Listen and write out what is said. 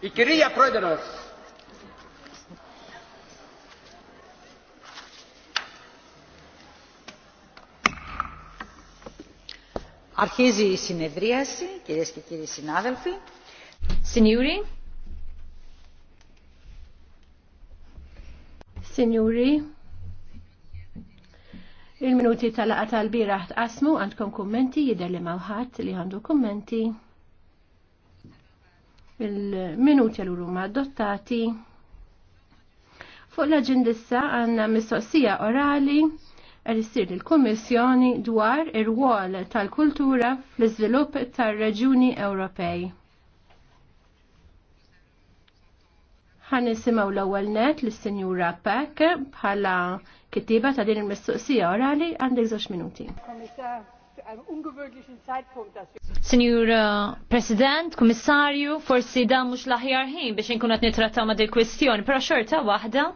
Il-kirija Proidenos. Αρχίζει η συνεδρίαση, κυρίες και κύριοι συνάδελφοι. Συνιούρι. Συνιούρι. Il-minuti tal-laqa tal-biraħ tqasmu għandkom kummenti jidher li mawħat li għandu kummenti il-minuti l urum adottati. Fuq l agendissa għanna mistoqsija orali għal issir il-Kommissjoni dwar ir-wol tal-kultura fl-iżvilupp tar-Reġjuni Ewropej. Ħan nisimgħu l-ewwel net lis-Sinjura Peck bħala kittiba ta' din il-mistoqsija orali għandek żewġ minuti. Signora eh, President, Kommissarju, forsi da mux laħjarħin ħin biex inkunat qed nitrattaw ma' dil-kwistjoni, però xorta waħda